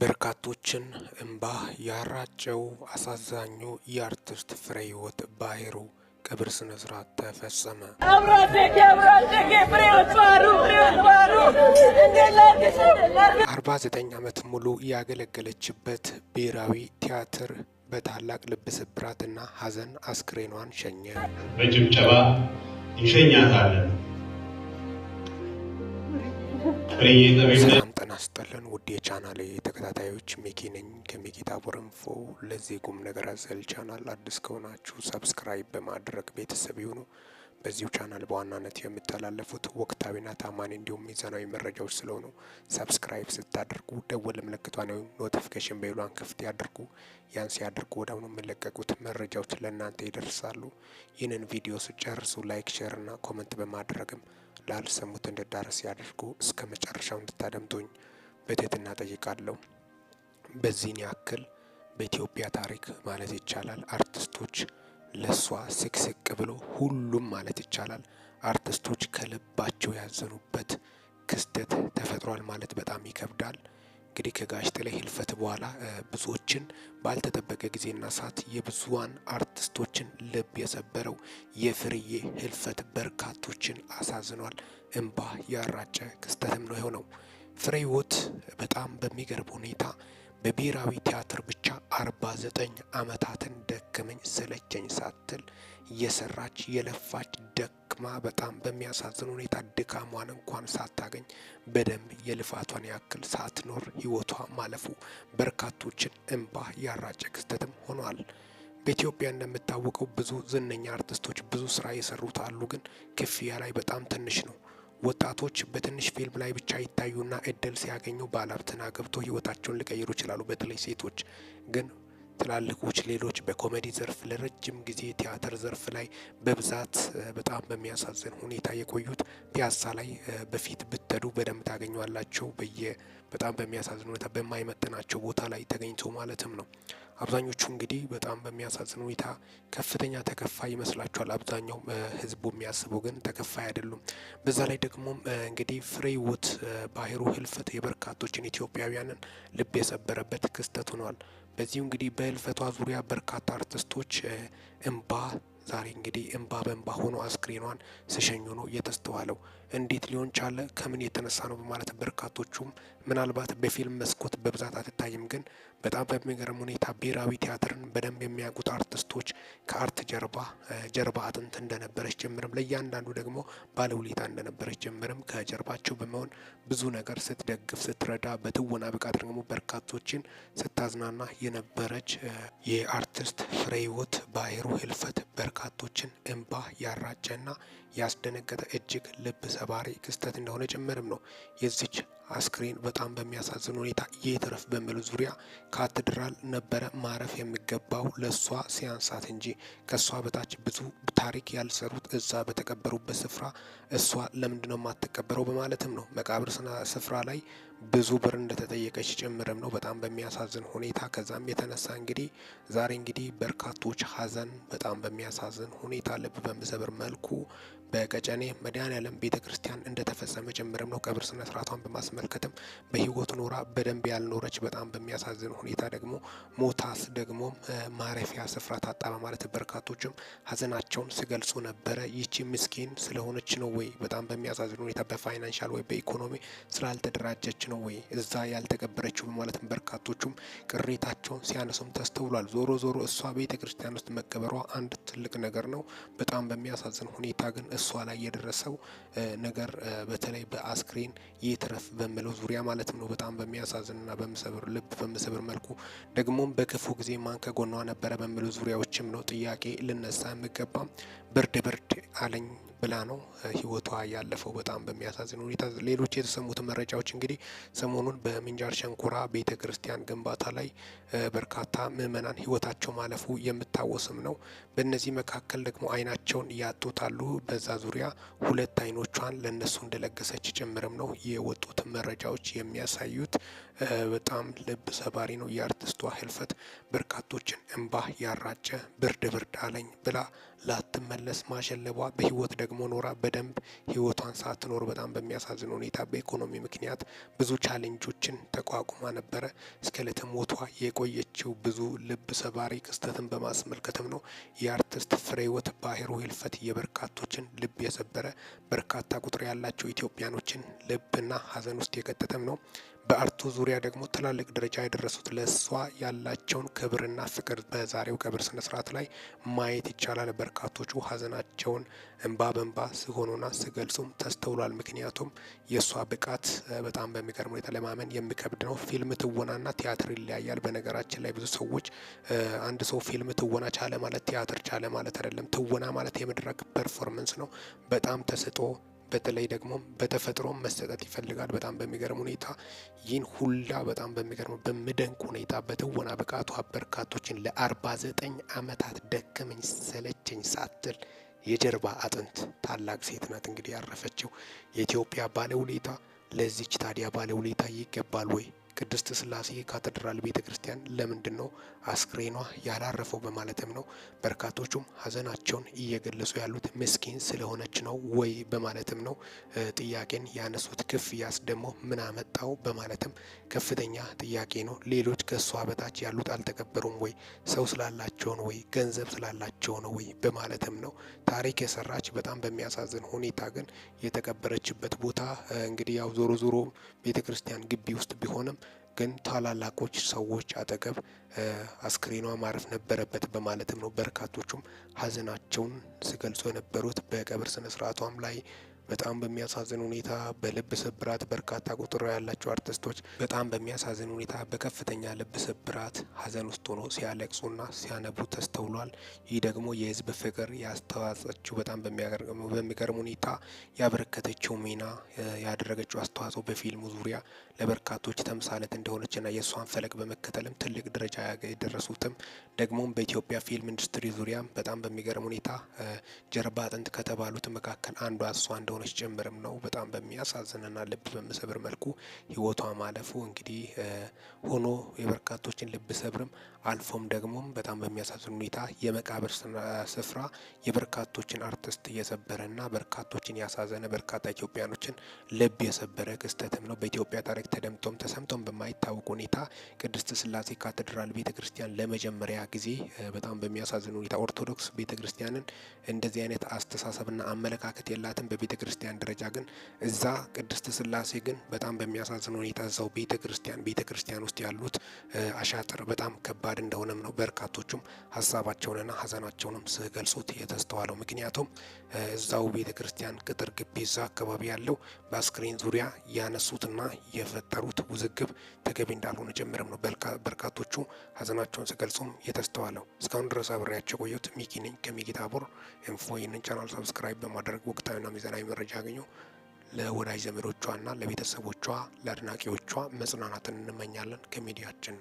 በርካቶችን እምባ ያራጨው አሳዛኙ የአርቲስት ፍሬህይወት ባህሩ ቀብር ስነ ስርዓት ተፈጸመ። አርባ ዘጠኝ ዓመት ሙሉ ያገለገለችበት ብሔራዊ ቲያትር በታላቅ ልብ ስብራትና ሀዘን አስክሬኗን ሸኘ። በጭብጨባ ይሸኛታለን። ጤና ይስጥልን ውድ የቻናሌ ተከታታዮች ሚኪ ነኝ ከሚኪ ታቦር ኢንፎ። ለዚህ ቁም ነገር አዘል ቻናል አዲስ ከሆናችሁ ሰብስክራይብ በማድረግ ቤተሰብ ይሁኑ። በዚሁ ቻናል በዋናነት የሚተላለፉት ወቅታዊና ታማኒ እንዲሁም ሚዛናዊ መረጃዎች ስለሆኑ ሰብስክራይብ ስታደርጉ ደወል ምልክቷን ወይም ኖቲፊኬሽን በይሏን ክፍት ያድርጉ። ያን ሲያደርጉ ወደ አሁኑ የሚለቀቁት መረጃዎች ለእናንተ ይደርሳሉ። ይህንን ቪዲዮ ስጨርሱ ላይክ፣ ሼር እና ኮመንት በማድረግም ላልሰሙት እንድዳረስ ያድርጉ። እስከ መጨረሻው እንድታደምጡኝ በትህትና ጠይቃለሁ። በዚህን ያክል በኢትዮጵያ ታሪክ ማለት ይቻላል አርቲስቶች ለሷ ስቅስቅ ብሎ ሁሉም ማለት ይቻላል አርቲስቶች ከልባቸው ያዘኑበት ክስተት ተፈጥሯል ማለት በጣም ይከብዳል። እንግዲህ ከጋሽ ጥላይ ህልፈት በኋላ ብዙዎችን ባልተጠበቀ ጊዜና ሰዓት የብዙዋን አርቲስቶችን ልብ የሰበረው የፍርዬ ህልፈት በርካቶችን አሳዝኗል። እንባ ያራጨ ክስተትም ነው የሆነው። ፍሬ ህይወት በጣም በሚገርብ ሁኔታ በብሔራዊ ቲያትር ብቻ 49 ዓመታትን ደከመኝ ሰለቸኝ ሳትል የሰራች የለፋች ደክማ በጣም በሚያሳዝን ሁኔታ ድካሟን እንኳን ሳታገኝ በደንብ የልፋቷን ያክል ሳትኖር ህይወቷ ማለፉ በርካቶችን እንባ ያራጨ ክስተትም ሆኗል። በኢትዮጵያ እንደምታወቀው ብዙ ዝነኛ አርቲስቶች ብዙ ስራ የሰሩት አሉ፣ ግን ክፍያ ላይ በጣም ትንሽ ነው። ወጣቶች በትንሽ ፊልም ላይ ብቻ ይታዩና እድል ሲያገኙ ባለአርትና ገብቶ ህይወታቸውን ሊቀይሩ ይችላሉ። በተለይ ሴቶች ግን ትላልቆች ሌሎች በኮሜዲ ዘርፍ ለረጅም ጊዜ ቲያትር ዘርፍ ላይ በብዛት በጣም በሚያሳዝን ሁኔታ የቆዩት ፒያሳ ላይ በፊት ብትሄዱ በደንብ ታገኟላቸው። በየ በጣም በሚያሳዝን ሁኔታ በማይመጥናቸው ቦታ ላይ ተገኝተው ማለትም ነው። አብዛኞቹ እንግዲህ በጣም በሚያሳዝን ሁኔታ ከፍተኛ ተከፋይ ይመስላቸዋል። አብዛኛው ህዝቡ የሚያስበው ግን ተከፋይ አይደሉም። በዛ ላይ ደግሞ እንግዲህ ፍሬህይወት ባህሩ ህልፈት የበርካቶችን ኢትዮጵያውያንን ልብ የሰበረበት ክስተት ሆኗል። በዚሁ እንግዲህ በህልፈቷ ዙሪያ በርካታ አርቲስቶች እንባ ዛሬ እንግዲህ እንባ በእንባ ሆኖ አስክሬኗን ሲሸኙ ነው የተስተዋለው። እንዴት ሊሆን ቻለ? ከምን የተነሳ ነው? በማለት በርካቶቹም ምናልባት በፊልም መስኮት በብዛት አትታይም፣ ግን በጣም በሚገርም ሁኔታ ብሔራዊ ቲያትርን በደንብ የሚያውቁት አርቲስቶች ከአርት ጀርባ ጀርባ አጥንት እንደነበረች ጀምርም ለእያንዳንዱ ደግሞ ባለውለታ እንደነበረች ጀምርም ከጀርባቸው በመሆን ብዙ ነገር ስትደግፍ ስትረዳ፣ በትወና ብቃት ደግሞ በርካቶችን ስታዝናና የነበረች የአርቲስት ፍሬህይወት ባህሩ ህልፈት በርካቶችን እንባ ያራጨና ያስደነገጠ እጅግ ልብ ገጸ ክስተት እንደሆነ ጭምርም ነው የዚች አስክሬን በጣም በሚያሳዝን ሁኔታ የትረፍ በሚል ዙሪያ ካቴድራል ነበረ ማረፍ የሚገባው ለእሷ ሲያንሳት እንጂ ከእሷ በታች ብዙ ታሪክ ያልሰሩት እዛ በተቀበሩበት ስፍራ እሷ ለምንድነው የማትቀበረው በማለትም ነው መቃብር ስፍራ ላይ ብዙ ብር እንደተጠየቀች ጭምርም ነው። በጣም በሚያሳዝን ሁኔታ ከዛም የተነሳ እንግዲህ ዛሬ እንግዲህ በርካቶች ሀዘን በጣም በሚያሳዝን ሁኔታ ልብ በሚሰብር መልኩ በቀጨኔ መድኃኔ ዓለም ቤተ ክርስቲያን እንደተፈጸመ ጭምርም ነው ቀብር ስነስርዓቷን በማስመ አትመለከትም። በህይወት ኖራ በደንብ ያልኖረች በጣም በሚያሳዝን ሁኔታ ደግሞ ሞታስ ደግሞ ማረፊያ ስፍራ ታጣ በማለት በርካቶችም ሀዘናቸውን ሲገልጹ ነበረ። ይቺ ምስኪን ስለሆነች ነው ወይ? በጣም በሚያሳዝን ሁኔታ በፋይናንሻል ወይ በኢኮኖሚ ስላልተደራጀች ነው ወይ እዛ ያልተቀበረችው? በማለትም በርካቶቹም ቅሬታቸውን ሲያነሱም ተስተውሏል። ዞሮ ዞሮ እሷ ቤተ ክርስቲያን ውስጥ መቀበሯ አንድ ትልቅ ነገር ነው። በጣም በሚያሳዝን ሁኔታ ግን እሷ ላይ የደረሰው ነገር በተለይ በአስክሬን በ በምለው ዙሪያ ማለትም ነው። በጣም በሚያሳዝንና በምሰብር ልብ በምሰብር መልኩ ደግሞም በክፉ ጊዜ ማን ከጎኗ ነበረ በምለው ዙሪያዎችም ነው ጥያቄ ልነሳ የሚገባም ብርድ ብርድ አለኝ ብላ ነው ህይወቷ ያለፈው። በጣም በሚያሳዝን ሁኔታ ሌሎች የተሰሙት መረጃዎች እንግዲህ ሰሞኑን በምንጃር ሸንኮራ ቤተ ክርስቲያን ግንባታ ላይ በርካታ ምዕመናን ህይወታቸው ማለፉ የምታወስም ነው። በእነዚህ መካከል ደግሞ አይናቸውን ያጡታሉ። በዛ ዙሪያ ሁለት አይኖቿን ለእነሱ እንደለገሰች ጭምርም ነው የወጡት መረጃዎች የሚያሳዩት። በጣም ልብ ሰባሪ ነው የአርቲስቷ ህልፈት። በርካቶችን እምባ ያራጨ ብርድ ብርድ አለኝ ብላ ላትመለ ስትመለስ ማሸለቧ በህይወት ደግሞ ኖራ በደንብ ህይወቷን ሳትኖር በጣም በሚያሳዝን ሁኔታ በኢኮኖሚ ምክንያት ብዙ ቻሌንጆችን ተቋቁማ ነበረ። እስከ ሞቷ የቆየችው ብዙ ልብ ሰባሪ ክስተትን በማስመልከትም ነው የአርቲስት ፍሬህይወት ባህሩ ህልፈት የበርካቶችን ልብ የሰበረ በርካታ ቁጥር ያላቸው ኢትዮጵያኖችን ልብና ሀዘን ውስጥ የከተተም ነው። በአርቱ ዙሪያ ደግሞ ትላልቅ ደረጃ የደረሱት ለእሷ ያላቸውን ክብርና ፍቅር በዛሬው ቀብር ስነ ስርዓት ላይ ማየት ይቻላል። በርካቶቹ ሀዘናቸውን እንባ በንባ ሲሆኑና ሲገልጹም ተስተውሏል። ምክንያቱም የእሷ ብቃት በጣም በሚገርም ሁኔታ ለማመን የሚከብድ ነው። ፊልም ትወናና ቲያትር ይለያያል። በነገራችን ላይ ብዙ ሰዎች አንድ ሰው ፊልም ትወና ቻለ ማለት ቲያትር ቻለ ማለት አይደለም። ትወና ማለት የመድረክ ፐርፎርመንስ ነው። በጣም ተስጦ በተለይ ደግሞ በተፈጥሮ መሰጠት ይፈልጋል። በጣም በሚገርም ሁኔታ ይህን ሁላ በጣም በሚገርም በምደንቅ ሁኔታ በትወና ብቃቷ በርካቶችን ለ49 ዓመታት ደከመኝ ሰለቸኝ ሳትል የጀርባ አጥንት ታላቅ ሴት ናት እንግዲህ ያረፈችው የኢትዮጵያ ባለውለታ። ለዚች ታዲያ ባለውለታ ይገባል ወይ? ቅድስት ስላሴ ካቴድራል ቤተ ክርስቲያን ለምንድን ነው አስክሬኗ ያላረፈው በማለትም ነው በርካቶቹም ሀዘናቸውን እየገለጹ ያሉት ምስኪን ስለሆነች ነው ወይ በማለትም ነው ጥያቄን ያነሱት። ክፍያስ ደግሞ ምን አመጣው በማለትም ከፍተኛ ጥያቄ ነው። ሌሎች ከእሷ በታች ያሉት አልተከበሩም ወይ ሰው ስላላቸው ነው ወይ ገንዘብ ስላላቸው ነው ወይ በማለትም ነው ታሪክ የሰራች በጣም በሚያሳዝን ሁኔታ ግን የተቀበረችበት ቦታ እንግዲህ ያው ዞሮ ዞሮ ቤተ ክርስቲያን ግቢ ውስጥ ቢሆንም ግን ታላላቆች ሰዎች አጠገብ አስክሬኗ ማረፍ ነበረበት በማለትም ነው በርካቶቹም ሀዘናቸውን ሲገልጹ የነበሩት። በቀብር ስነ ስርዓቷም ላይ በጣም በሚያሳዝን ሁኔታ በልብ ስብራት በርካታ ቁጥር ያላቸው አርቲስቶች በጣም በሚያሳዝን ሁኔታ በከፍተኛ ልብ ስብራት ሀዘን ውስጥ ሆኖ ሲያለቅሱና ሲያነቡ ተስተውሏል። ይህ ደግሞ የህዝብ ፍቅር ያስተዋጸችው በጣም በሚገርም ሁኔታ ያበረከተችው ሚና ያደረገችው አስተዋጽኦ በፊልሙ ዙሪያ ለበርካቶች ተምሳሌት እንደሆነችና የእሷን ፈለግ በመከተልም ትልቅ ደረጃ የደረሱትም ደግሞም በኢትዮጵያ ፊልም ኢንዱስትሪ ዙሪያ በጣም በሚገርም ሁኔታ ጀርባ አጥንት ከተባሉት መካከል አንዷ እሷ እንደሆነ እንደሆነች ጭምርም ነው። በጣም በሚያሳዝንና ልብ በሚሰብር መልኩ ህይወቷ ማለፉ እንግዲህ ሆኖ የበርካቶችን ልብ ሰብርም አልፎም ደግሞም በጣም በሚያሳዝን ሁኔታ የመቃብር ስፍራ የበርካቶችን አርቲስት እየሰበረና በርካቶችን ያሳዘነ በርካታ ኢትዮጵያኖችን ልብ የሰበረ ክስተትም ነው። በኢትዮጵያ ታሪክ ተደምጦም ተሰምቶም በማይታወቅ ሁኔታ ቅድስት ስላሴ ካቴድራል ቤተ ክርስቲያን ለመጀመሪያ ጊዜ በጣም በሚያሳዝን ሁኔታ ኦርቶዶክስ ቤተ ክርስቲያንን እንደዚህ አይነት አስተሳሰብና አመለካከት የላትም በቤተ ክርስቲያን ደረጃ ግን እዛ ቅድስት ስላሴ ግን በጣም በሚያሳዝን ሁኔታ እዛው ቤተ ክርስቲያን ቤተ ክርስቲያን ውስጥ ያሉት አሻጥር በጣም ከባድ እንደሆነም ነው በርካቶቹም ሀሳባቸውንና ሀዘናቸውንም ሲገልጹት የተስተዋለው። ምክንያቱም እዛው ቤተ ክርስቲያን ቅጥር ግቢ እዛ አካባቢ ያለው በአስክሬን ዙሪያ ያነሱትና የፈጠሩት ውዝግብ ተገቢ እንዳልሆነ ጭምርም ነው በርካቶቹ ሀዘናቸውን ስገልጹም የተስተዋለው። እስካሁን ድረስ አብሬያቸው ቆየሁት። ሚኪ ነኝ ከሚኪታቦር ኢንፎ። ይህንን ቻናል ሰብስክራይብ በማድረግ ወቅታዊና ሚዛናዊ መረጃ ያገኙ። ለወዳጅ ዘመዶቿና ለቤተሰቦቿ ለአድናቂዎቿ መጽናናትን እንመኛለን ከሚዲያችን